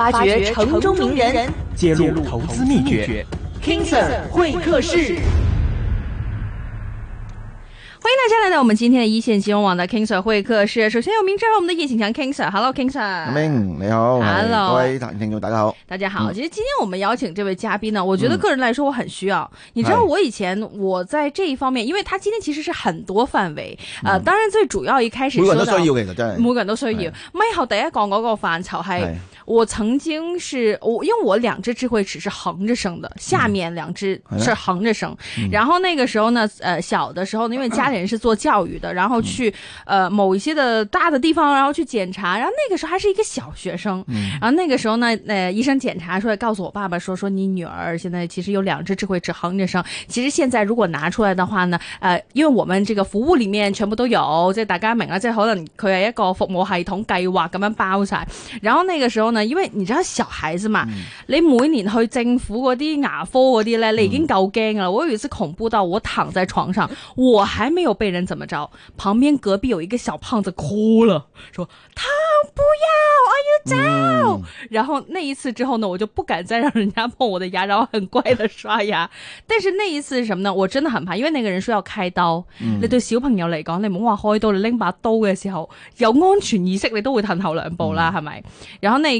挖掘城中名人，揭露投資秘訣。King Sir 會客室，歡迎大家來到我們今天的一線金融網的 King Sir 會客室。首先有名知道我們的葉錦強 King Sir，Hello King Sir，明你好，Hello 各位聽眾大家好，大家好。其實今天我們邀請這位嘉賓呢，我覺得個人來說我很需要。你知道我以前我在這一方面，因為他今天其實是很多範圍，呃，當然最主要一開始，說到每個人都需要每個人都需要。背後第一個嗰個範疇係。我曾經是我因為我兩隻智慧齒是橫着生的，下面兩隻是橫着生。嗯哎嗯、然後那個時候呢，呃小的時候呢因為家裏人是做教育的，然後去，呃某一些的大的地方，然後去檢查。然後那個時候還是一個小學生，嗯、然後那個時候呢，呃，醫生檢查出來，告訴我爸爸說，說你女兒現在其實有兩隻智慧齒橫着生。其實現在如果拿出來的話呢，呃，因為我們這個服務裏面全部都有，即大家明啦，即係可能佢係一個服務系統計劃咁樣包晒。然後那個時候呢。因為你知道小孩子嘛，嗯、你每年去政府啲牙科啲咧，你已經夠驚噶啦。我有一次恐怖到我躺在床上，我還沒有被人怎麼着，旁邊隔壁有一個小胖子哭了，說：痛，不要，我要走。嗯、然後那一次之後呢，我就不敢再讓人家碰我的牙，然後很乖的刷牙。但是那一次是什麼呢？我真的很怕，因為那個人說要開刀。嗯、你對小朋友嚟講，你唔好話開刀，你拎，把刀嘅時候有安全意識，你都會褪後兩步啦，係咪、嗯？然後你。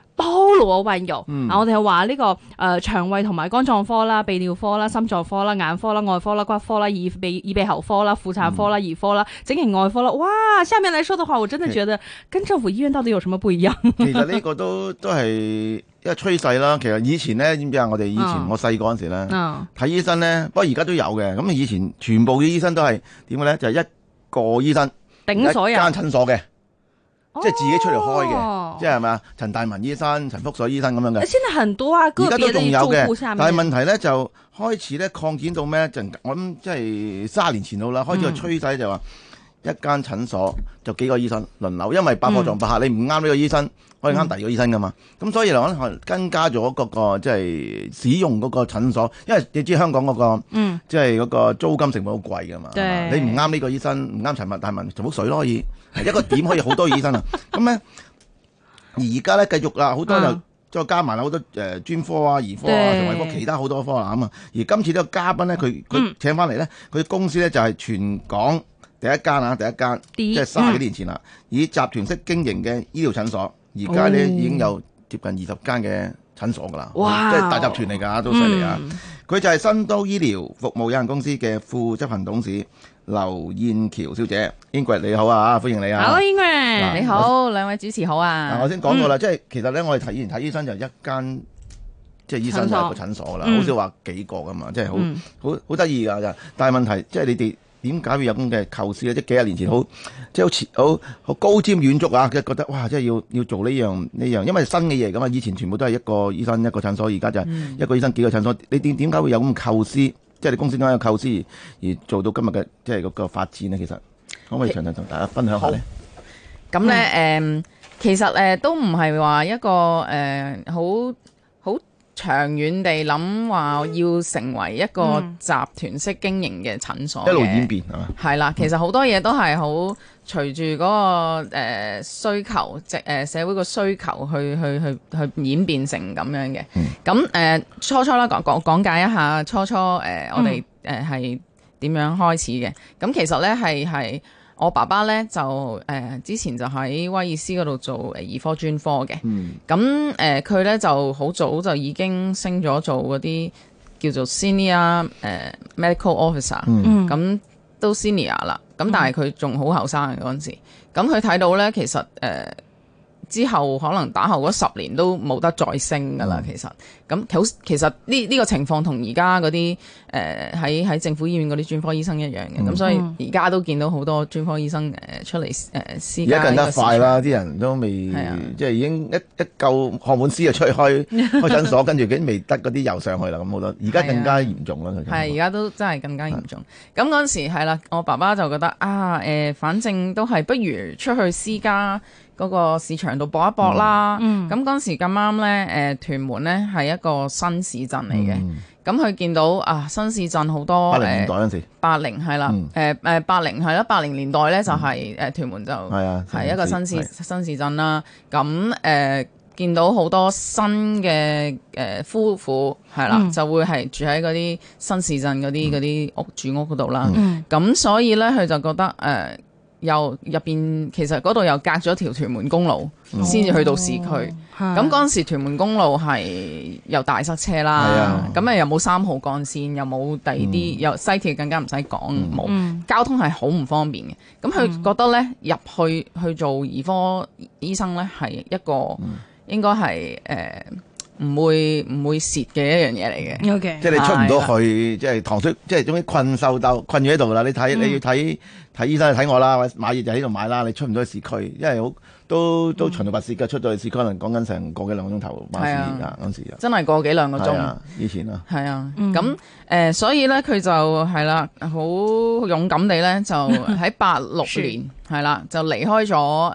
包羅萬有啊！我哋係話呢個誒腸、呃、胃同埋肝臟科啦、泌尿科啦、心臟科啦、眼科啦、外科啦、骨科啦、耳鼻耳鼻喉科啦、婦產科啦、兒科啦、整形外科啦。哇！下面來說的話，我真係覺得跟政府醫院到底有什麼不一樣？其實呢個都都係一個趨勢啦。其實以前咧，知唔知啊？我哋以前我細個嗰陣時咧，睇、嗯嗯、醫生咧，不過而家都有嘅。咁以前全部嘅醫生都係點嘅咧？就係，一個醫生頂所有間診所嘅。即係自己出嚟開嘅，哦、即係係咪，陳大文醫生、陳福水醫生咁樣嘅。而家都仲有嘅，但係問題咧就開始咧擴展到咩？一陣我諗即係卅年前度啦，開始個趨勢就話、嗯、一間診所就幾個醫生輪流，因為百貨狀百客，嗯、你唔啱呢個醫生。可以啱第二個醫生噶嘛？咁、嗯、所以嚟講，增加咗嗰、那個即係、就是、使用嗰個診所，因為你知香港嗰、那個即係嗰租金成本好貴噶嘛。對你唔啱呢個醫生，唔啱陳物大文，就揾水咯。可以一個點可以好多醫生啊。咁咧 而家咧繼續啦，好多就、嗯、再加埋啦，好多誒專科啊、兒科啊、同埋對其他好多科啦。咁、嗯、啊，而今次呢個嘉賓咧，佢佢請翻嚟咧，佢公司咧就係、是、全港第一間啊，第一間即係卅幾年前啦，嗯、以集團式經營嘅醫療診所。而家咧已經有接近二十間嘅診所噶啦，哇即係大集團嚟㗎，都犀利啊！佢、嗯、就係新都醫療服務有限公司嘅副執行董事劉燕橋小姐。英 n 你好啊，歡迎你啊！好，Ingrid 喏你好，我兩位主持好啊！我先講到啦，嗯、即係其實咧，我哋睇以睇醫生就一間，即係醫生就、啊、一所、嗯、個診所啦，好少話幾個噶嘛，即係好好好得意㗎，但係問題即係你哋。點解會有咁嘅構思咧？即係幾廿年前好，嗯、即係好似好好高瞻遠矚啊！即係覺得哇，即係要要做呢樣呢樣，因為新嘅嘢咁啊！以前全部都係一個醫生一個診所，而家就係一個醫生幾個診所。你點點解會有咁構思？即係你公司嗰有構思而做到今日嘅即係個個發展呢？其實可唔可以詳細同大家分享下咧？咁咧誒，其實誒都唔係話一個誒好。呃長遠地諗話要成為一個集團式經營嘅診所，一路演變係嘛？係啦，其實好多嘢都係好隨住嗰個誒、呃、需求，即誒、呃、社會個需求去去去去演變成咁樣嘅。咁誒、嗯呃、初初啦，講講講解一下初初誒、呃嗯、我哋誒係點樣開始嘅。咁其實咧係係。我爸爸咧就誒、呃、之前就喺威爾斯嗰度做誒兒科專科嘅，咁誒佢咧就好早就已經升咗做嗰啲叫做 senior 誒、呃、medical officer，咁、嗯、都 senior 啦，咁但係佢仲好後生嘅嗰陣時，咁佢睇到咧其實誒、呃之後可能打後嗰十年都冇得再升㗎啦，其實咁、嗯嗯、其實呢呢、這個情況同而家嗰啲誒喺喺政府醫院嗰啲專科醫生一樣嘅，咁、嗯嗯、所以而家都見到好多專科醫生誒、呃、出嚟誒、呃、私家依家近得快啦，啲人都未、啊、即係已經一一夠學滿師就出去開開診所，跟住已經未得嗰啲又上去啦，咁好多而家更加嚴重啦，係而家都真係更加嚴重。咁嗰陣時係啦，我爸爸就覺得啊誒、呃，反正，正都係不如出去私家。 嗰個市場度搏一搏啦，咁嗰時咁啱咧，誒屯門咧係一個新市鎮嚟嘅，咁佢見到啊新市鎮好多八零年代嗰陣時八零係啦，誒誒八零係啦，八零年代咧就係誒屯門就係啊，係一個新市新市鎮啦，咁誒見到好多新嘅誒夫婦係啦，就會係住喺嗰啲新市鎮嗰啲啲屋住屋度啦，咁所以咧佢就覺得誒。又入邊，其實嗰度又隔咗條屯門公路，先至、嗯、去到市區。咁嗰陣時，屯門公路係又大塞車啦。咁啊又冇三號幹線，又冇第二啲，又、嗯、西鐵更加唔使講冇，交通係好唔方便嘅。咁佢覺得呢，入、嗯、去去做兒科醫生呢，係一個應該係誒。嗯嗯唔會唔會蝕嘅一樣嘢嚟嘅。O、okay. K，、yes. 即係你出唔到去，即係唐水，即係總之困獸鬥，困住喺度啦。你睇你要睇睇、mm. 醫生睇我啦，買嘢就喺度買啦。你出唔到去市區，因為好都都長途跋涉嘅，出到去市區可能講緊成個幾兩鐘、yeah. confused, 個鐘頭巴士啊嗰時啊。真係個幾兩個鐘。Yes. Yeah, 以前啊。係啊、mm.，咁、呃、誒，所以咧佢就係啦，好勇敢地咧，就喺八六年係啦，就離開咗誒誒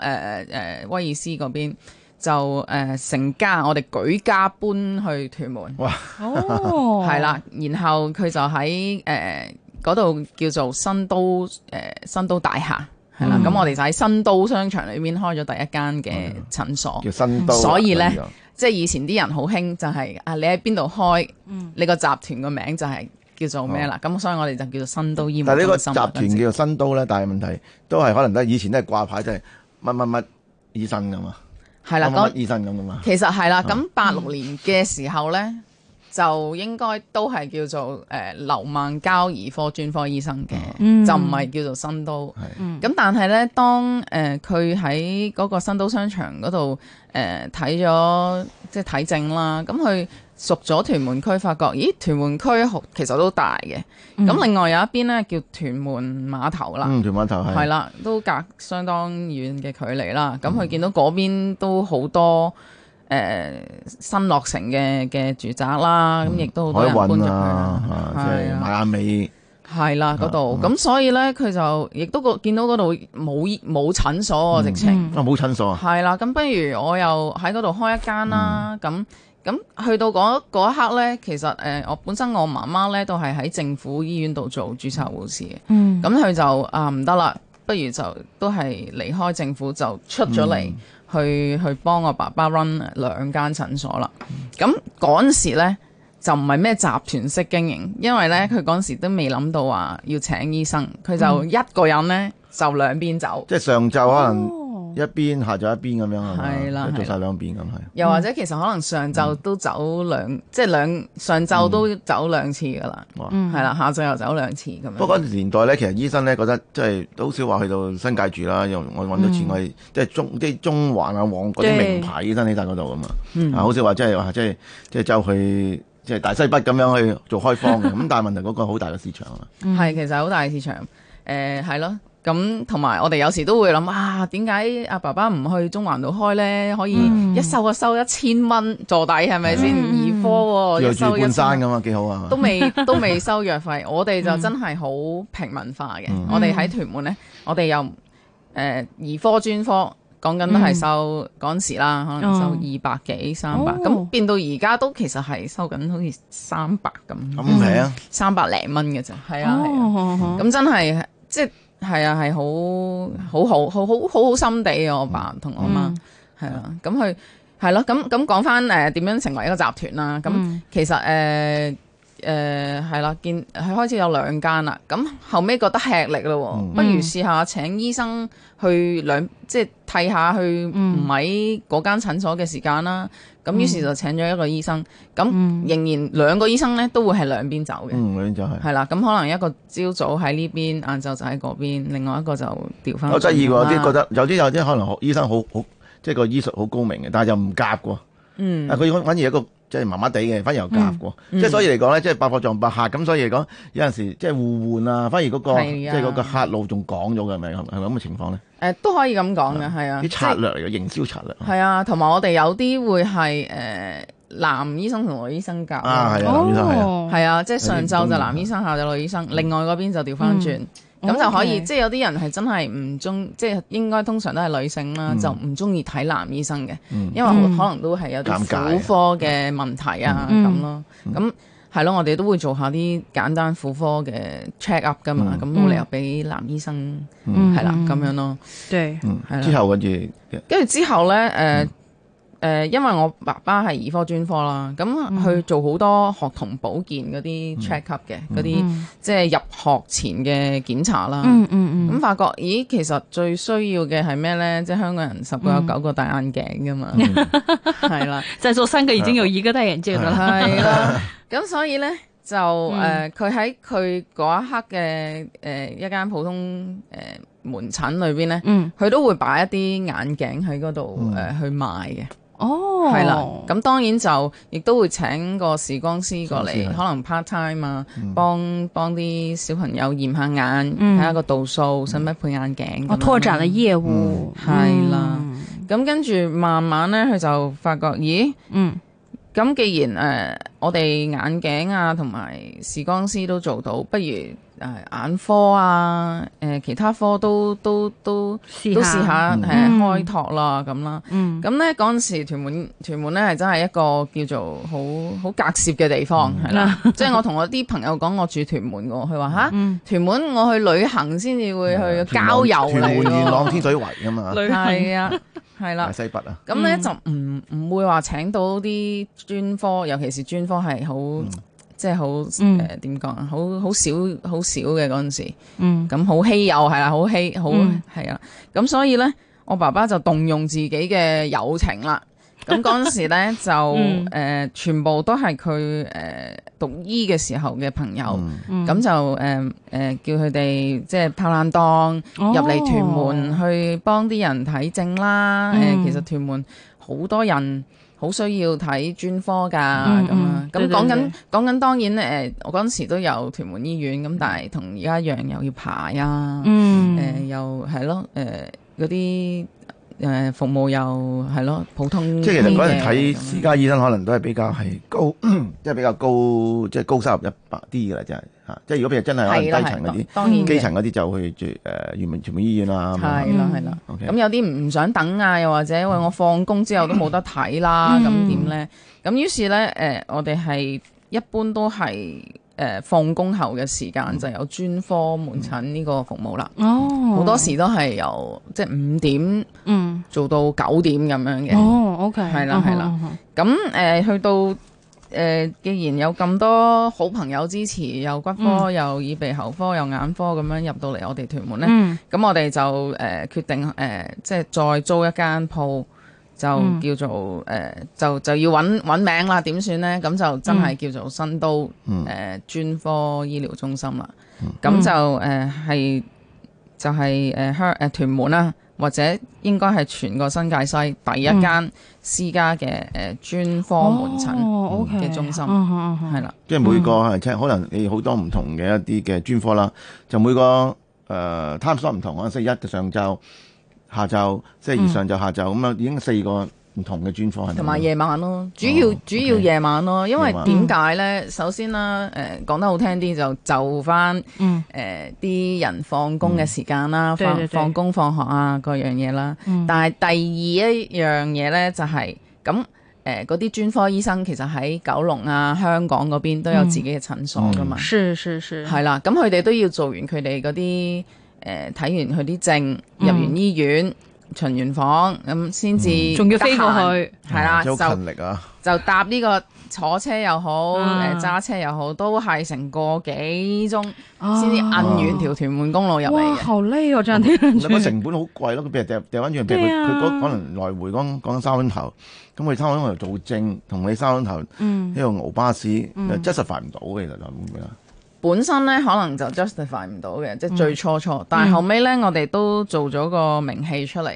威爾斯嗰邊。就誒、呃、成家，我哋舉家搬去屯門。哇！哦，係啦，然後佢就喺誒嗰度叫做新都誒、呃、新都大廈，係啦。咁、嗯、我哋就喺新都商場裏面開咗第一間嘅診所。嗯、叫新都，所以咧，嗯、即係以前啲人好興就係、是、啊，你喺邊度開，嗯、你個集團個名就係叫做咩啦？咁、嗯、所以我哋就叫做新都醫院。但係呢個集團叫做新都咧，但係問題都係可能都係以前都係掛牌，即係乜乜乜醫生噶嘛。係啦，當醫生咁嘛。其實係啦，咁八六年嘅時候咧， 就應該都係叫做誒劉曼交兒科專科醫生嘅， 就唔係叫做新都。咁 但係咧，當誒佢喺嗰個新都商場嗰度誒睇咗即係睇症啦，咁佢。熟咗屯門區，發覺咦屯門區好其實都大嘅。咁另外有一邊咧叫屯門碼頭啦，嗯，屯碼頭係，係啦，都隔相當遠嘅距離啦。咁佢見到嗰邊都好多誒新落成嘅嘅住宅啦，咁亦都可以揾啊，係啊，邁亞美係啦嗰度。咁所以咧，佢就亦都個見到嗰度冇冇診所，直情冇診所啊，係啦。咁不如我又喺嗰度開一間啦。咁咁去到嗰一刻呢，其實誒，我、呃、本身我媽媽呢都係喺政府醫院度做註冊護士嘅嗯。咁佢就啊，唔得啦，不如就都係離開政府，就出咗嚟去、嗯、去，去幫我爸爸 run 兩間診所啦。咁嗰陣時呢就唔係咩集團式經營，因為呢，佢嗰陣時都未諗到話要請醫生，佢就一個人呢，就兩邊走。嗯、即係上晝可能、哦。一邊下咗一邊咁樣啊，係啦，做晒兩邊咁係。又或者其實可能上晝都走兩，即係兩上晝都走兩次㗎啦。嗯，係啦，下晝又走兩次咁樣。不過嗰年代咧，其實醫生咧覺得即係都好少話去到新界住啦。用我搵到錢，去，即係中啲中環啊、旺嗰啲名牌醫生，你大嗰度㗎嘛。啊，好少話即係話即係即係走去即係大西北咁樣去做開方嘅。咁但係問題嗰個好大嘅市場啊嘛。係其實好大嘅市場，誒係咯。咁同埋我哋有時都會諗啊，點解阿爸爸唔去中環度開呢？可以一收就收一千蚊坐底，係咪先？二科又收一山咁啊，幾好啊！都未都未收藥費，我哋就真係好平民化嘅。我哋喺屯門呢，我哋又誒二科專科，講緊都係收趕時啦，可能收二百幾三百，咁變到而家都其實係收緊好似三百咁。咁平啊！三百零蚊嘅啫，係啊，係啊。咁真係即係。係啊，係好，好好，好好，好好心地，啊。我爸同我媽，係啊、嗯，咁佢，係咯，咁咁講翻誒點樣成為一個集團啦？咁、嗯、其實誒。呃誒，係啦、呃，見佢開始有兩間啦，咁後尾覺得吃力咯，嗯、不如試下請醫生去兩，即係替下去唔喺嗰間診所嘅時間啦。咁於、嗯、是就請咗一個醫生，咁、嗯、仍然兩個醫生咧都會係兩邊走嘅，兩邊走係。係啦、就是，咁、嗯、可能一個朝早喺呢邊，晏晝就喺嗰邊，另外一個就調翻。好得意啲覺得,覺得、嗯、有啲有啲可能醫生好好，即係個醫術好高明嘅，但係又唔夾噶。嗯，佢反而一個。即係麻麻地嘅，反而又夾過，即係所以嚟講咧，即係百貨撞百客，咁所以嚟講有陣時即係互換啊，反而嗰個即係嗰個客路仲廣咗嘅，係咪係咁嘅情況咧？誒都可以咁講嘅，係啊，啲策略嚟嘅，營銷策略係啊，同埋我哋有啲會係誒男醫生同女醫生夾啊，係啊，係啊，即係上晝就男醫生，下晝女醫生，另外嗰邊就調翻轉。咁就可以，Okay. 即係有啲人係真係唔鍾，即係應該通常都係女性啦，嗯、就唔鍾意睇男醫生嘅，嗯、因為可能都係有啲婦科嘅問題啊咁、嗯、咯。咁係咯，我哋都會做下啲簡單婦科嘅 check up 噶嘛，咁冇、嗯、理由俾男醫生係、嗯、啦咁樣咯。對，係啦、嗯。之後跟住，跟住之後咧，誒、呃。嗯誒、呃，因為我爸爸係兒科專科啦，咁去做好多學童保健嗰啲 check up 嘅嗰啲，即係入學前嘅檢查啦。咁、嗯嗯嗯、發覺，咦，其實最需要嘅係咩咧？即係香港人十個有九個戴眼鏡噶嘛，係、嗯、 啦。在座三個，已經有一個戴眼鏡啦，係啦。咁 所以咧就誒，佢喺佢嗰一刻嘅誒、呃、一間普通誒門診裏邊咧，佢、嗯嗯、都會擺一啲眼鏡喺嗰度誒去賣嘅。哦，係啦，咁當然就亦都會請個視光師過嚟，可能 part time 啊，幫幫啲小朋友驗下眼，睇、嗯、下個度數，使乜、嗯、配眼鏡。我、哦、拓展了業務，係啦，咁跟住慢慢咧，佢就發覺，咦，嗯，咁既然誒、uh, 我哋眼鏡啊同埋視光師都做到，不如。誒眼科啊，誒其他科都都都都試下誒開拓啦，咁啦，咁咧嗰陣時，屯門屯門咧係真係一個叫做好好隔涉嘅地方，係啦，即係我同我啲朋友講，我住屯門嘅，佢話吓，屯門我去旅行先至會去郊遊，屯門元朗天水圍㗎嘛，係啊，係啦，西北啊，咁咧就唔唔會話請到啲專科，尤其是專科係好。即係、嗯呃、好誒點講啊，好好少好少嘅嗰陣時，咁好稀有係啦，好稀好係啊，咁所以呢，我爸爸就動用自己嘅友情啦。咁嗰陣時呢就誒、呃，全部都係佢誒讀醫嘅時候嘅朋友，咁就誒誒、呃、叫佢哋即係拍爛檔入嚟屯門去幫啲人睇症啦。誒、哦嗯、其實屯門好多人。好需要睇專科㗎，咁、嗯、啊！咁講緊講緊，當然誒、啊，我嗰陣時都有屯門醫院咁，但係同而家一樣，又要排啊！誒、嗯呃，又係咯，誒嗰啲誒服務又係咯，普通。即係其實嗰陣睇私家醫生，可能都係比較係高，即係、就是、比較高，即、就、係、是、高收入一百啲嘅啦，真係。即係如果佢哋真係可能低層嗰啲，當然基層嗰啲就去住誒全民全民醫院啦。係啦係啦。咁有啲唔唔想等啊，又或者因為我放工之後都冇得睇啦，咁點咧？咁於是咧，誒我哋係一般都係誒放工後嘅時間就有專科門診呢個服務啦。哦，好多時都係由即係五點嗯做到九點咁樣嘅。哦，OK，係啦係啦。咁誒去到。誒、呃，既然有咁多好朋友支持，又骨科，又耳鼻喉科，又眼科咁樣入到嚟我哋屯門呢，咁、嗯、我哋就誒、呃、決定誒、呃，即係再租一間鋪，就叫做誒、呃，就就要揾揾名啦，點算呢？咁就真係叫做新都誒專、嗯呃、科醫療中心啦。咁、嗯、就誒係、呃，就係誒屯誒屯門啦、啊，或者應該係全個新界西第一間。嗯私家嘅誒專科門診嘅中心，係啦，即係每個即係可能你好多唔同嘅一啲嘅專科啦，就每個誒探索唔同，可能星期一就上晝、下晝，即係以上晝、下晝咁啊，已經四個。唔同嘅專科同埋夜晚咯，主要主要夜晚咯，因為點解呢？首先啦，誒講得好聽啲就就返誒啲人放工嘅時間啦，放放工、放學啊各樣嘢啦。但係第二一樣嘢呢，就係咁誒，嗰啲專科醫生其實喺九龍啊、香港嗰邊都有自己嘅診所噶嘛。係係係。係啦，咁佢哋都要做完佢哋嗰啲誒睇完佢啲證入完醫院。巡完房咁先至，仲、嗯、要飛過去係啦，好，嗯啊、勤力啊！就搭呢、這個坐車又好，誒揸，嗯呃、車又好，都係成個幾鐘先至行完條屯門公路入嚟。哇，好叻啊！張天。 成本好貴咯，佢俾人掟掟翻轉，譬如佢可能來回講講三蚊頭，咁佢貪翻頭做正，同你三蚊頭呢個牛巴士，其實確唔到嘅，其實就咁樣。本身咧可能就 justify 唔到嘅，即係最初初，嗯、但係後尾咧我哋都做咗個名氣出嚟。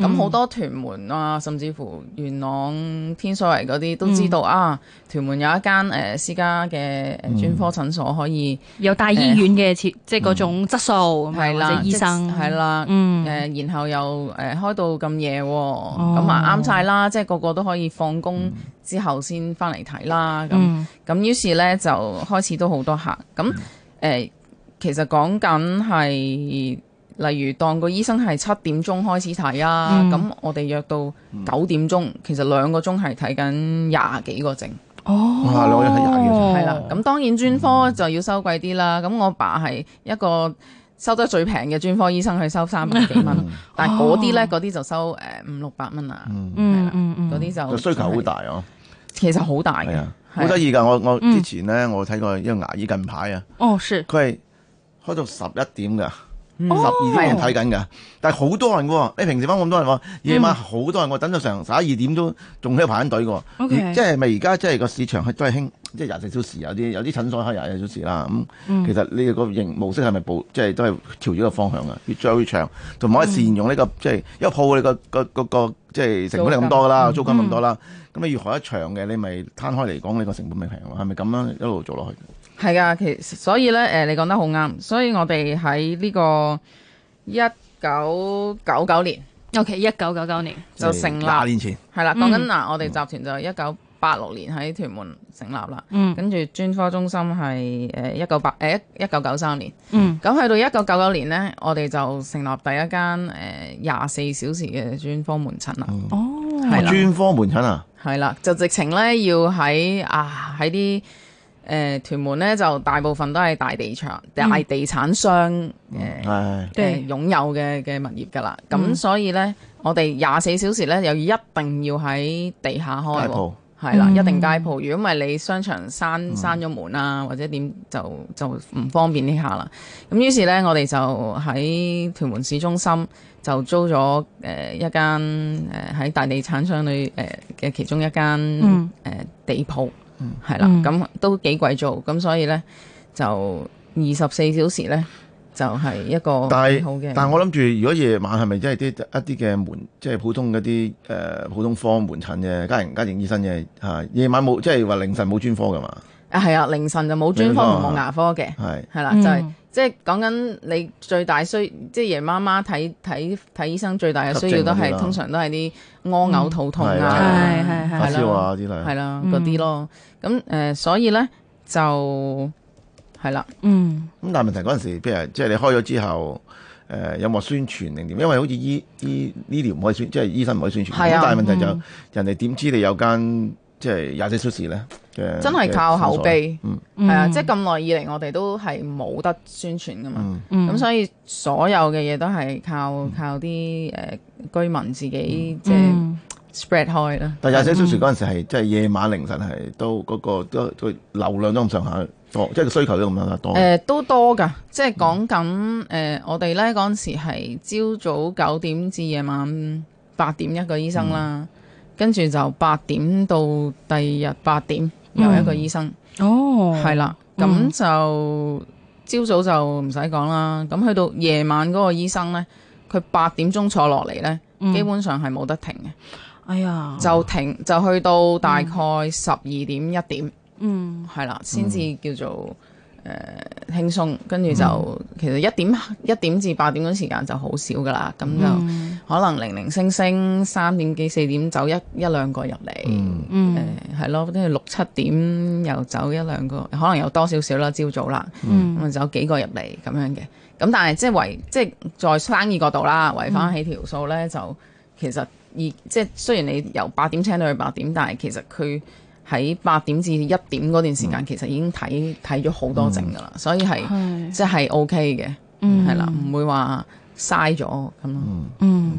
咁好、嗯、多屯門啊，甚至乎元朗、天水圍嗰啲都知道、嗯、啊。屯門有一間誒、呃、私家嘅專科診所，可以、嗯呃、有大醫院嘅設、呃，即係嗰種質素，或者醫生，係啦，嗯，誒，然後又誒、呃、開到咁夜，咁、呃哦、啊啱晒啦，即係個個都可以放工、嗯、之後先翻嚟睇啦。咁咁於是咧就開始都好多客。咁、嗯、誒、嗯嗯嗯嗯嗯，其實講緊係。例如當個醫生係七點鐘開始睇啊，咁我哋約到九點鐘，其實兩個鐘係睇緊廿幾個症。哦，兩個人睇廿幾個症。係啦，咁當然專科就要收貴啲啦。咁我爸係一個收得最平嘅專科醫生，佢收三百幾蚊，但係嗰啲咧，嗰啲就收誒五六百蚊啊。嗯嗯，嗰啲就需求好大哦。其實好大嘅，好得意㗎。我我之前咧，我睇過一個牙醫近排啊。哦，佢係開到十一點㗎。十二點仲睇緊嘅，oh, 但係好多人嘅。你平時返咁多人喎，夜晚好多人，我等咗成十一二點都仲喺度排緊隊嘅 Okay.、嗯。即係咪而家即係個市場係都係興，即係廿四小時有啲有啲診所開廿四小時啦。咁、嗯嗯、其實你個營模式係咪保即係都係朝住個方向啊？越做越長，同埋可以善用呢、這個、嗯、即係一鋪你、那個、那個即係成本係咁多啦，租金咁多啦。咁你如何一長嘅，你咪攤開嚟講，你個成本咪平咯？係咪咁樣、嗯嗯嗯、一路、那個、做落去？係噶，其實所以咧，誒、呃，你講得好啱。所以我哋喺呢個一九九九年，OK，一九九九年就成立廿年前，係啦。講緊嗱，嗯、我哋集團就一九八六年喺屯門成立啦，嗯，跟住專科中心係誒一九八誒一九九三年，嗯，咁去到一九九九年咧，我哋就成立第一間誒廿四小時嘅專科門診啦。嗯、的哦，專的科門診啊，係啦，就直情咧要喺啊喺啲。誒，屯門咧就大部分都係大地場、嗯、大地產商誒誒擁有嘅嘅物業噶啦，咁所以咧，我哋廿四小時咧又一定要喺地下開鋪，係啦，一定街鋪。如果唔係你商場閂閂咗門啊，或者點就就唔方便呢下啦。咁於是咧，我哋就喺屯門市中心就租咗誒、呃、一間誒喺、呃、大地產商裏誒嘅其中一間誒、呃、地鋪。嗯，係啦，咁都幾貴做，咁所以咧就二十四小時咧就係、是、一個好嘅。但係我諗住如果夜晚係咪即係啲一啲嘅門，即、就、係、是、普通嗰啲誒普通科門診嘅，家庭家庭醫生嘅，嚇。夜晚冇即係話凌晨冇專科㗎嘛？啊，係啊，凌晨就冇專科同冇牙科嘅，係係啦，的嗯、就係、是。即係講緊你最大需，即係夜媽媽睇睇睇醫生最大嘅需要都係，通常都係啲屙、嘔、肚痛、嗯、啊，係係係啦，發燒啊之類，啦嗰啲咯。咁、嗯、誒、呃，所以咧就係啦、啊。嗯。咁但係問題嗰陣時，譬如即係、就是、你開咗之後，誒、呃、有冇宣傳定點？因為好似醫醫醫療唔可以宣，即、就、係、是、醫生唔可以宣傳。係、嗯、啊。但係問題就是，嗯、人哋點知你有間即係廿四小時咧？的真係靠口碑，係、嗯、啊！即係咁耐以嚟，我哋都係冇得宣傳噶嘛，咁所以所有嘅嘢都係靠靠啲誒、呃、居民自己即係 spread 開啦。但廿四小時嗰陣時係即係夜晚凌晨係都嗰個都都流量都咁上下多，即係個需求都咁上下多。誒、嗯，都多噶，即係講緊誒，我哋咧嗰陣時係朝早九點至夜晚八點一個醫生啦，嗯、跟住就八點到第二日八點。又一個醫生、嗯、哦，係啦了，咁、嗯、就朝早就唔使講啦，咁去到夜晚嗰個醫生呢，佢八點鐘坐落嚟呢，嗯、基本上係冇得停嘅，哎呀，就停就去到大概十二點一點，嗯，係啦了，先至、嗯、叫做。嗯誒，輕鬆、呃，跟住就、嗯、其實一點一點至八點嗰時間就好少噶啦，咁、嗯、就可能零零星星三點幾四點走一一兩個入嚟，誒係、嗯呃、咯，即係六七點又走一兩個，可能有多少少啦，朝早啦，咁走幾個入嚟咁樣嘅，咁但係即係維即係在生意角度啦，維翻起條數呢，嗯、就其實而即係雖然你由八點請到去八點，但係其實佢。喺八點至一點嗰段時間，嗯、其實已經睇睇咗好多症㗎啦，嗯、所以係即係 O K 嘅，係啦是，唔會話嘥咗咁咯。嗯。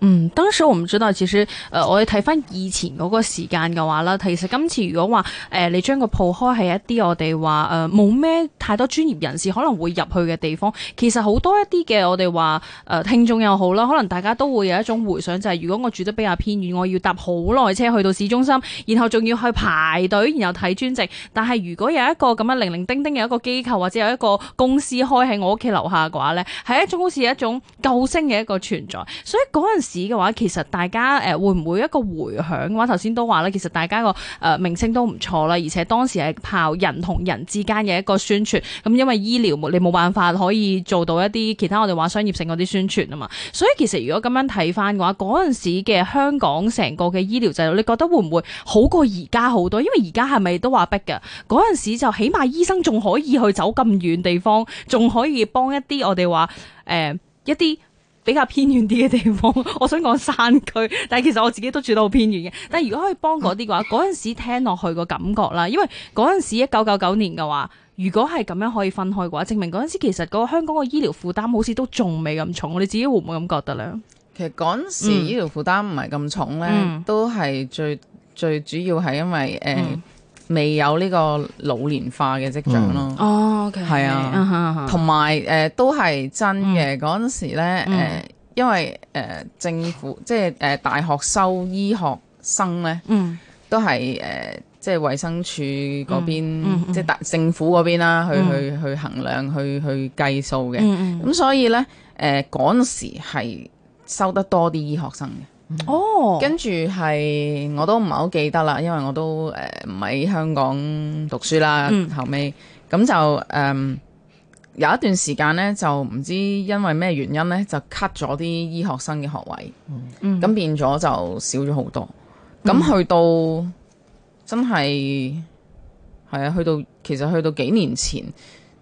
嗯，當時我唔知道，至少誒，我哋睇翻以前嗰個時間嘅話啦，其實今次如果話誒、呃，你將個鋪開係一啲我哋話誒冇咩太多專業人士可能會入去嘅地方，其實好多一啲嘅我哋話誒聽眾又好啦，可能大家都會有一種回想，就係、是、如果我住得比較偏遠，我要搭好耐車去到市中心，然後仲要去排隊，然後睇專席，但係如果有一個咁樣零零丁丁有一個機構或者有一個公司開喺我屋企樓下嘅話咧，係一種好似一種救星嘅一個存在，所以嗰陣。市嘅、呃、話，其實大家誒會唔會一個回響嘅話，頭先都話咧，其實大家個誒名聲都唔錯啦，而且當時係靠人同人之間嘅一個宣傳。咁因為醫療你冇辦法可以做到一啲其他我哋話商業性嗰啲宣傳啊嘛。所以其實如果咁樣睇返嘅話，嗰陣時嘅香港成個嘅醫療制度，你覺得會唔會好過而家好多？因為而家係咪都話逼㗎？嗰陣時就起碼醫生仲可以去走咁遠地方，仲可以幫一啲我哋話誒一啲。比較偏遠啲嘅地方，我想講山區，但係其實我自己都住得好偏遠嘅。但係如果可以幫嗰啲嘅話，嗰陣 時聽落去個感覺啦，因為嗰陣時一九九九年嘅話，如果係咁樣可以分開嘅話，證明嗰陣時其實個香港嘅醫療負擔好似都仲未咁重，你自己會唔會咁覺得呢？其實嗰陣時醫療負擔唔係咁重呢，嗯、都係最最主要係因為誒。呃嗯未有呢個老年化嘅跡象咯、嗯，係、哦 okay，啊，同埋誒都係真嘅。嗰陣、嗯、時咧、呃，因為誒、呃、政府即係誒大學收醫學生呢，嗯、都係誒、呃、即係衛生署嗰邊、嗯嗯嗯、即係特政府嗰邊啦、嗯，去去去衡量去去計數嘅。咁、嗯嗯、所以呢，誒嗰陣時係收得多啲醫學生嘅。哦，跟住係我都唔係好記得啦，因為我都誒唔喺香港讀書啦，mm hmm. 後尾咁就誒、呃、有一段時間呢，就唔知因為咩原因呢，就 cut 咗啲醫學生嘅學位，咁、mm hmm. 變咗就少咗好多。咁去到、mm hmm. 真係係啊，去到其實去到幾年前。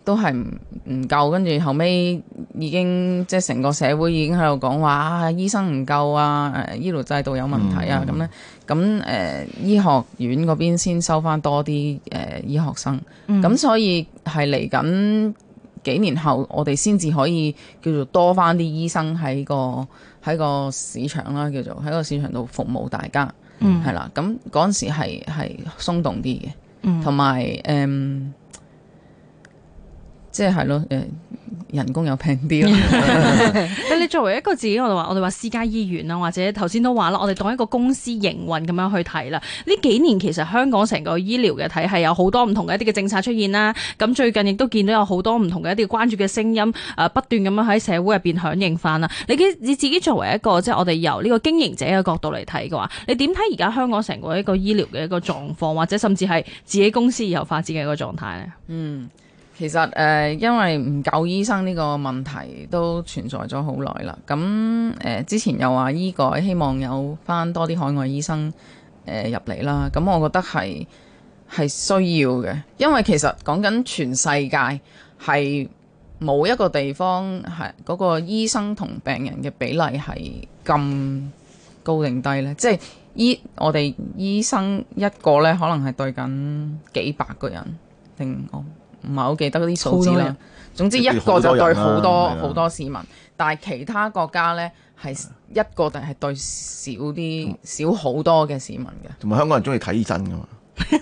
都係唔唔夠，跟住後尾已經即係成個社會已經喺度講話，醫生唔夠啊！醫療制度有問題啊咁咧，咁誒、嗯呃、醫學院嗰邊先收翻多啲誒、呃、醫學生，咁、嗯、所以係嚟緊幾年後，我哋先至可以叫做多翻啲醫生喺個喺個市場啦，叫做喺個市場度服務大家，係、嗯、啦。咁嗰陣時係係鬆動啲嘅，同埋誒。即係咯，誒人工又平啲咯。 你作為一個自己，我哋話我哋話私家醫院啦，或者頭先都話啦，我哋當一個公司營運咁樣去睇啦。呢幾年其實香港成個醫療嘅體系有好多唔同嘅一啲嘅政策出現啦。咁最近亦都見到有好多唔同嘅一啲關注嘅聲音，誒、呃、不斷咁樣喺社會入邊響應翻啦。你你自己作為一個即係、就是、我哋由呢個經營者嘅角度嚟睇嘅話，你點睇而家香港成個療一個醫療嘅一個狀況，或者甚至係自己公司以後發展嘅一個狀態呢？嗯。其實誒、呃，因為唔夠醫生呢個問題都存在咗好耐啦。咁誒、呃，之前又話醫改，希望有翻多啲海外醫生誒入嚟啦。咁、呃、我覺得係係需要嘅，因為其實講緊全世界係冇一個地方係嗰、嗰個醫生同病人嘅比例係咁高定低呢？即係醫我哋醫生一個呢，可能係對緊幾百個人定我。唔係好記得嗰啲數字啦。多總之一個就對好多好多，啊、多市民，的但係其他國家呢，係一個定係對少啲、嗯、少好多嘅市民嘅。同埋香港人中意睇醫生㗎嘛，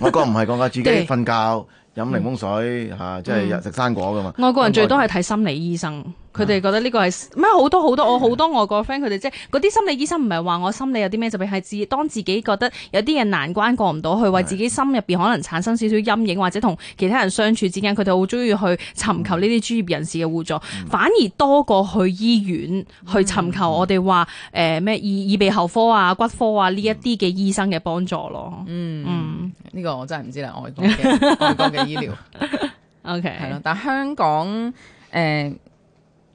外國唔係㗎，個個自己瞓覺飲 對檸檬水吓，即係食生果㗎嘛。嗯、外國人最多係睇心理醫生。佢哋覺得呢個係咩，好多好多，我好多外國 friend 佢哋，即係嗰啲心理醫生唔係話我心理有啲咩疾病，係自當自己覺得有啲嘢難關過唔到，去為自己心入邊可能產生少少陰影，或者同其他人相處之間，佢哋好中意去尋求呢啲專業人士嘅協助，反而多過去醫院去尋求我哋話誒咩耳耳鼻喉科啊、骨科啊呢一啲嘅醫生嘅幫助咯。嗯嗯，呢個我真係唔知啦，外國嘅 外國嘅醫療，OK 係咯，但香港誒。呃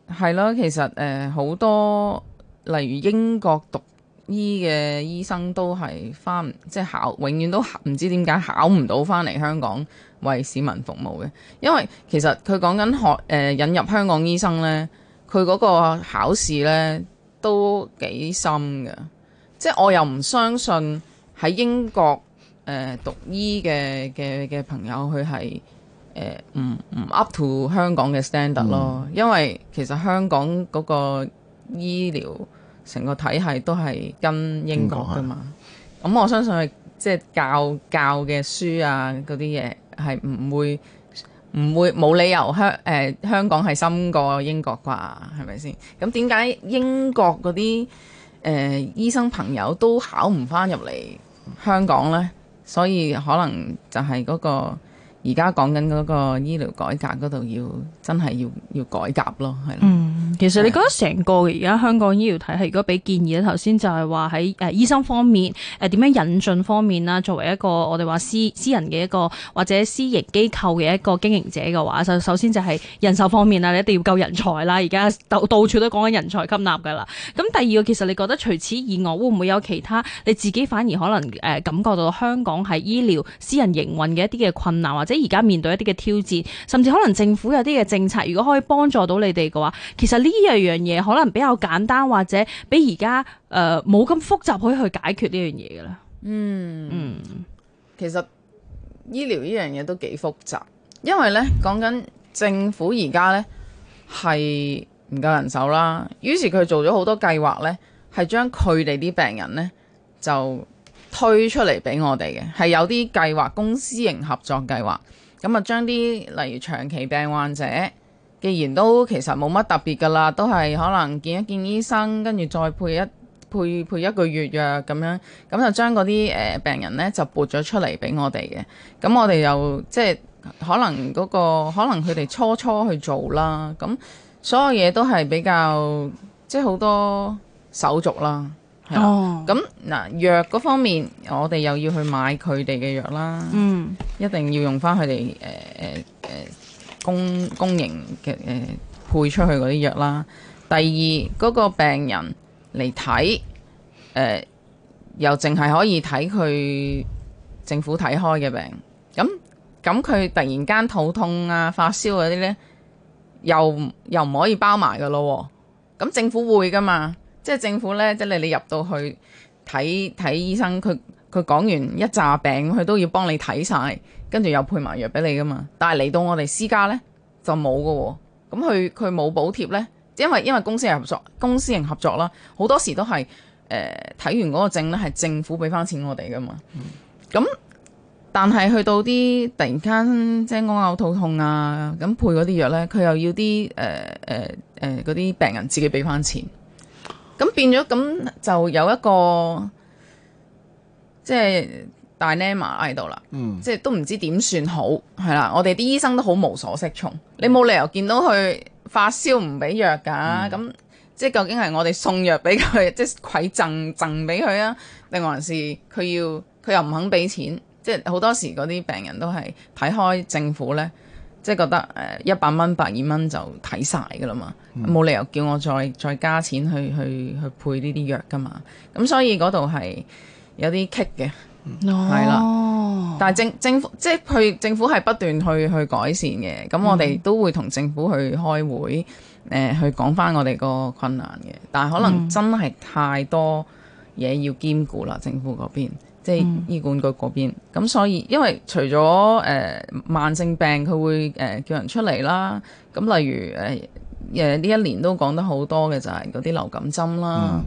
係咯，其實誒好，呃、多例如英國讀醫嘅醫生都係翻即係考，永遠都唔知點解考唔到翻嚟香港為市民服務嘅。因為其實佢講緊學誒引入香港醫生呢，佢嗰個考試呢都幾深㗎。即係我又唔相信喺英國誒，呃、讀醫嘅嘅嘅朋友佢係。誒唔唔 up to 香港嘅 standard 咯，嗯、因為其實香港嗰個醫療成個體系都係跟英國噶嘛，咁、嗯、我相信佢即係教教嘅書啊，嗰啲嘢係唔會唔會冇理由香、誒香港係深過英國啩，係咪先？咁點解英國嗰啲誒醫生朋友都考唔翻入嚟香港咧？所以可能就係嗰、嗰個。而家講緊嗰個醫療改革嗰度，要真係要要改革咯，係啦。嗯，其實你覺得成個而家香港醫療體系，如果俾建議咧，頭先就係話喺誒醫生方面，誒、呃、點樣引進方面啦，作為一個我哋話私私人嘅一個或者私營機構嘅一個經營者嘅話，首首先就係人手方面啦，你一定要夠人才啦，而家到到處都講緊人才吸納㗎啦。咁第二個，其實你覺得除此以外，會唔會有其他你自己反而可能誒、呃、感覺到香港係醫療私人營運嘅一啲嘅困難，或者？而家面對一啲嘅挑戰，甚至可能政府有啲嘅政策，如果可以幫助到你哋嘅話，其實呢樣樣嘢可能比較簡單，或者比而家誒冇咁複雜可以去解決呢樣嘢嘅喇。嗯嗯，嗯其實醫療呢樣嘢都幾複雜，因為呢講緊政府而家呢係唔夠人手啦，於是佢做咗好多計劃呢係將佢哋啲病人呢就。.推出嚟俾我哋嘅係有啲計劃，公私營合作計劃。咁啊，將啲例如長期病患者，既然都其實冇乜特別㗎啦，都係可能見一見醫生，跟住再配一配配一個月藥、啊、咁樣。咁就將嗰啲誒病人呢，就撥咗出嚟俾我哋嘅。咁我哋又即係可能嗰、嗰個可能佢哋初初去做啦。咁所有嘢都係比較即係好多手續啦。哦，咁嗱、呃，藥嗰方面，我哋又要去買佢哋嘅藥啦，嗯，一定要用翻佢哋誒誒誒公公營嘅誒配出去嗰啲藥啦。第二嗰、嗰個病人嚟睇，誒、呃、又淨係可以睇佢政府睇開嘅病，咁咁佢突然間肚痛啊、發燒嗰啲咧，又又唔可以包埋噶咯、啊，咁政府會噶嘛？即係政府呢，即係你你入到去睇睇醫生，佢佢講完一扎病，佢都要幫你睇晒，跟住又配埋藥俾你噶嘛。但係嚟到我哋私家呢，就冇噶喎，咁佢佢冇補貼呢？因為因為公私營合作，公私營合作啦，好多時都係誒睇完嗰個證呢，係政府俾翻錢我哋噶嘛。咁、嗯、但係去到啲突然間即係屙嘔、肚痛啊，咁配嗰啲藥呢，佢又要啲誒誒誒嗰啲病人自己俾翻錢。咁變咗咁就有一個即係大 dilemma 喺度啦，即係、嗯、都唔知點算好係啦。我哋啲醫生都好無所適從，你冇理由見到佢發燒唔俾藥㗎。咁、嗯、即係究竟係我哋送藥俾佢，即係饋贈贈俾佢啊？定還是佢要佢又唔肯俾錢？即係好多時嗰啲病人都係睇開政府咧。即係覺得誒一百蚊百二蚊就睇晒㗎啦嘛，冇、嗯、理由叫我再再加錢去去去配呢啲藥㗎嘛，咁所以嗰度係有啲棘嘅，係啦、哦。但係政政府即係佢政府係不斷去去改善嘅，咁我哋都會同政府去開會誒、嗯呃，去講翻我哋個困難嘅。但係可能真係太多嘢要兼顧啦，政府嗰邊。即係醫管局嗰邊，咁所以因為除咗誒慢性病，佢會誒叫人出嚟啦。咁例如誒誒呢一年都講得好多嘅就係嗰啲流感針啦。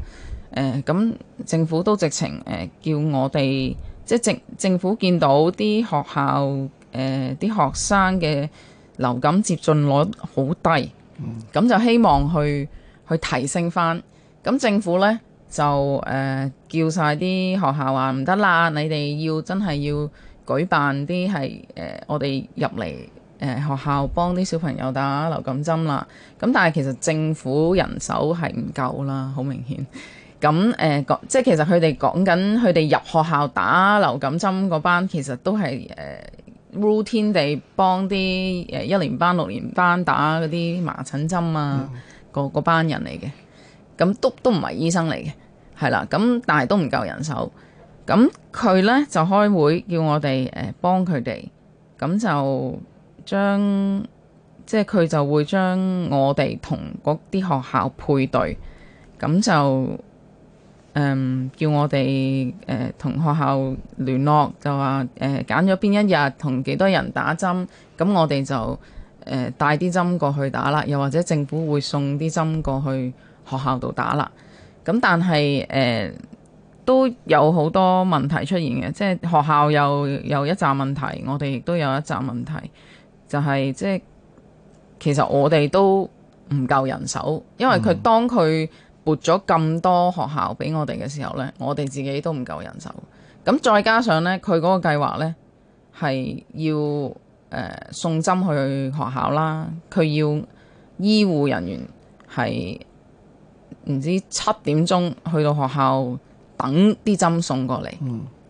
誒咁政府都直情誒叫我哋，即係政政府見到啲學校誒啲學生嘅流感接種率好低，咁就希望去去提升返。咁政府咧，就誒、呃、叫晒啲學校話，唔得啦！你哋要真係要舉辦啲係誒，我哋入嚟誒學校幫啲小朋友打流感針啦。咁但係其實政府人手係唔夠啦，好明顯。咁誒講即係其實佢哋講緊佢哋入學校打流感針嗰班，其實都係誒、呃、routine 地幫啲誒一年班六年班打嗰啲麻疹針啊，嗰班人嚟嘅。咁都都唔係醫生嚟嘅，係啦，咁但係都唔夠人手，咁佢呢，就開會叫我哋誒幫佢哋，咁、呃、就將即係佢就會將我哋同嗰啲學校配對，咁就誒、呃、叫我哋誒同學校聯絡，就話誒揀咗邊一日同幾多人打針，咁我哋就誒帶啲針過去打啦，又或者政府會送啲針過去。學校度打啦，咁但係誒、呃、都有好多問題出現嘅，即係學校又有一紮問題，我哋亦都有一紮問題，就係、是、即係其實我哋都唔夠人手，因為佢、嗯、當佢撥咗咁多學校俾我哋嘅時候呢，我哋自己都唔夠人手。咁再加上呢，佢嗰個計劃呢係要誒、呃、送針去學校啦，佢要醫護人員係。唔知七點鐘去到學校等啲針送過嚟，佢、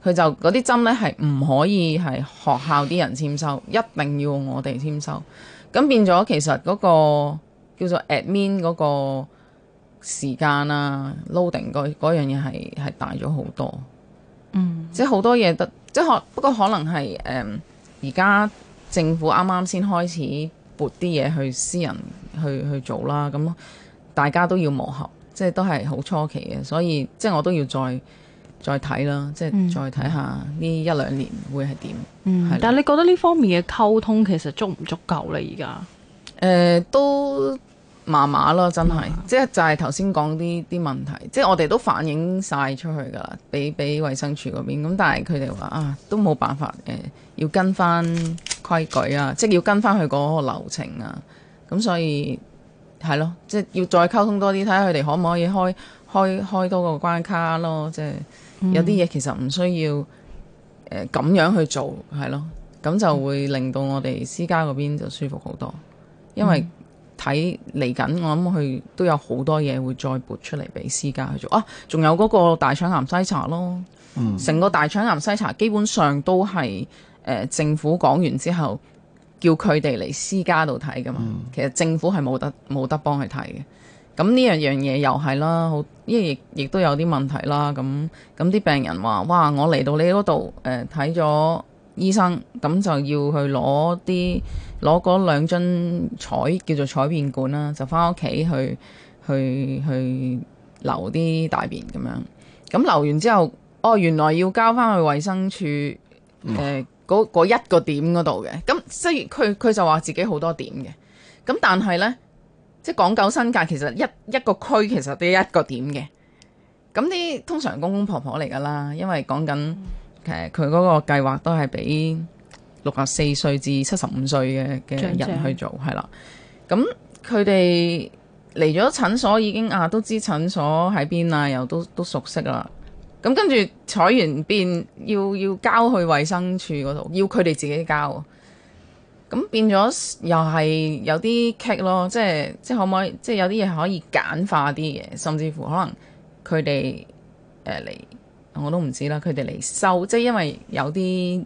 嗯、就嗰啲針咧係唔可以係學校啲人簽收，一定要我哋簽收。咁變咗其實嗰、嗰個叫做 admin 嗰個時間啦、啊、loading 嗰嗰樣嘢係係大咗好多。嗯，即係好多嘢得，即係可不過可能係誒而家政府啱啱先開始撥啲嘢去私人去去做啦，咁大家都要磨合。即係都係好初期嘅，所以即係我都要再再睇啦，嗯、即係再睇下呢一兩年會係點。嗯，係嘅，但係你覺得呢方面嘅溝通其實足唔足夠咧？而家誒都麻麻啦，真係，啊、即係就係頭先講啲啲問題，即係我哋都反映晒出去㗎，俾俾衛生署嗰邊。咁但係佢哋話啊，都冇辦法誒，要跟翻規矩啊，即係要跟翻佢嗰個流程啊。咁所以。係咯，即係要再溝通多啲，睇下佢哋可唔可以開開開多個關卡咯。即係有啲嘢其實唔需要誒咁、呃、樣去做，係咯，咁就會令到我哋私家嗰邊就舒服好多。因為睇嚟緊，我諗佢都有好多嘢會再撥出嚟俾私家去做啊。仲有嗰個大腸癌篩查咯，成、嗯、個大腸癌篩查基本上都係誒、呃、政府講完之後。叫佢哋嚟私家度睇㗎嘛，嗯、其實政府係冇得冇得幫佢睇嘅。咁呢樣樣嘢又係啦，好，因為亦亦都有啲問題啦。咁咁啲病人話：哇，我嚟到你嗰度誒睇咗醫生，咁就要去攞啲攞嗰兩樽採叫做採便管啦，就返屋企去去去，去留啲大便咁樣。咁留完之後，哦，原來要交返去衛生署誒。呃嗯嗰一個點嗰度嘅，咁雖然佢佢就話自己好多點嘅，咁但係呢，即係講究身價，其實一一個區其實都一個點嘅。咁啲通常公公婆婆嚟噶啦，因為講緊其實佢嗰個計劃都係俾六十四歲至七十五歲嘅嘅人去做，係正啦。咁佢哋嚟咗診所已經啊，都知診所喺邊啊，又都都熟悉啦。咁跟住採完變要要交去衛生署嗰度，要佢哋自己交。咁變咗又係有啲棘咯，即係即係可唔可以即係有啲嘢可以簡化啲嘢，甚至乎可能佢哋誒嚟我都唔知啦。佢哋嚟收，即係因為有啲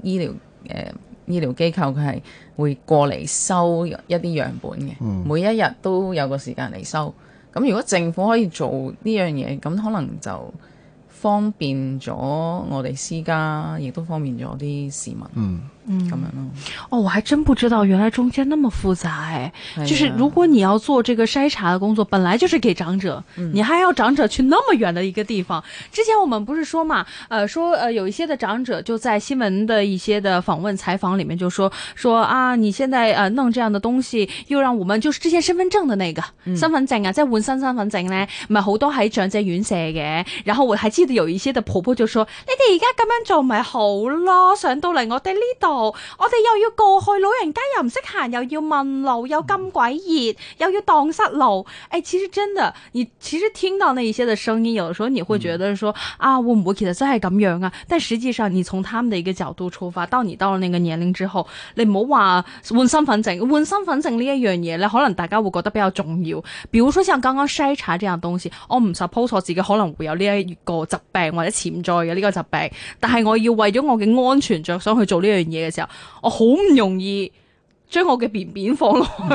醫療誒、呃、醫療機構佢係會過嚟收一啲樣本嘅，嗯、每一日都有個時間嚟收。咁如果政府可以做呢樣嘢，咁可能就，方便咗我哋私家，亦都方便咗啲市民。嗯嗯，哦，我還真不知道，原來中間那麼複雜誒、哎。哎、呀就是如果你要做這個篩查的工作，本來就是給長者，嗯、你還要長者去那麼遠的一個地方。之前我們不是說嘛，呃，說呃，有一些的長者就在新聞的一些的訪問採訪裏面就說：，說啊，你現在呃弄這樣的東西，又讓我們就是之前身份證的那個身份證啊，再換新身份證咧，咪好多喺長者院舍嘅。然後我還記得有一些的婆婆就說：， 你哋而家咁樣做咪好咯，上到嚟我哋呢度。我哋又要過去，老人家又唔識行，又要問路，又咁鬼熱，又要蕩失路。誒、嗯， 其實真嘅，你其實聽到那一些嘅聲音，有時候你會覺得說啊，我會唔會其實真係咁樣啊。但實際上，你從他們的一個角度出發，到你到了那個年齡之後，你唔好話換身份證，換身份證呢一樣嘢咧，可能大家會覺得比較重要。比如說像，剛剛篩查呢樣東西，我唔 suppose 我自己可能會有呢一個疾病或者潛在嘅呢個疾病，但係我要為咗我嘅安全着想去做呢樣嘢。嘅時候，我好唔容易將我嘅便便放落去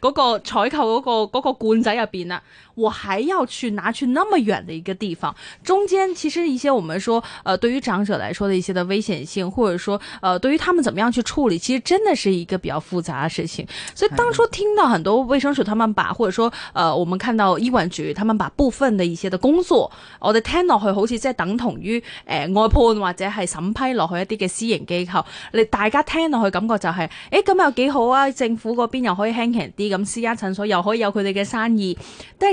嗰個採購嗰個嗰、嗰個罐仔入邊啦。我還要去拿去那麼遠的一個地方，中間其實一些我們說，呃，對於長者來說的一些的危險性，或者說，呃，對於他們怎麼樣去處理，其實真的是一個比較複雜的事情。所以當初聽到很多衛生署他們把，或者說，呃，我們看到醫管局他們把部分的一些的工作，我哋聽落去好似即係等同於誒、呃、外判或者係審批落去一啲嘅私營機構，你大家聽落去感覺就係、是，誒咁又幾好啊，政府嗰邊又可以輕便啲，咁私家診所又可以有佢哋嘅生意，但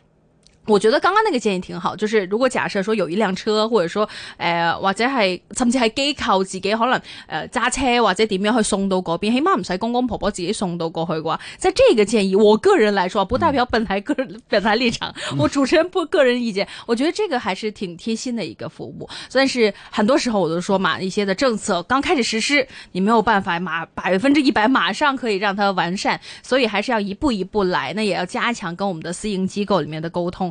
我覺得剛剛那個建議挺好，就是如果假設說有一輛車，或者說呃或者係甚至係機構自己可能呃揸車或者點樣去送到嗰邊，起碼唔使公公婆婆自己送到過去啩。在這個建議，我個人來說，不代表本台個，本台立場，我主持人不個人意見，我覺得這個還是挺貼心的一個服務。算 是很多時候我都說嘛，一些的政策剛開始實施，你沒有辦法馬百分之一百馬上可以讓它完善，所以還是要一步一步來，那也要加強跟我們的私營機構裏面的溝通。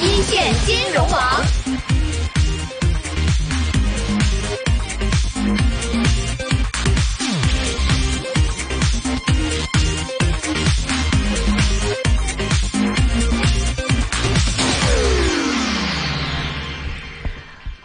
一線金融王。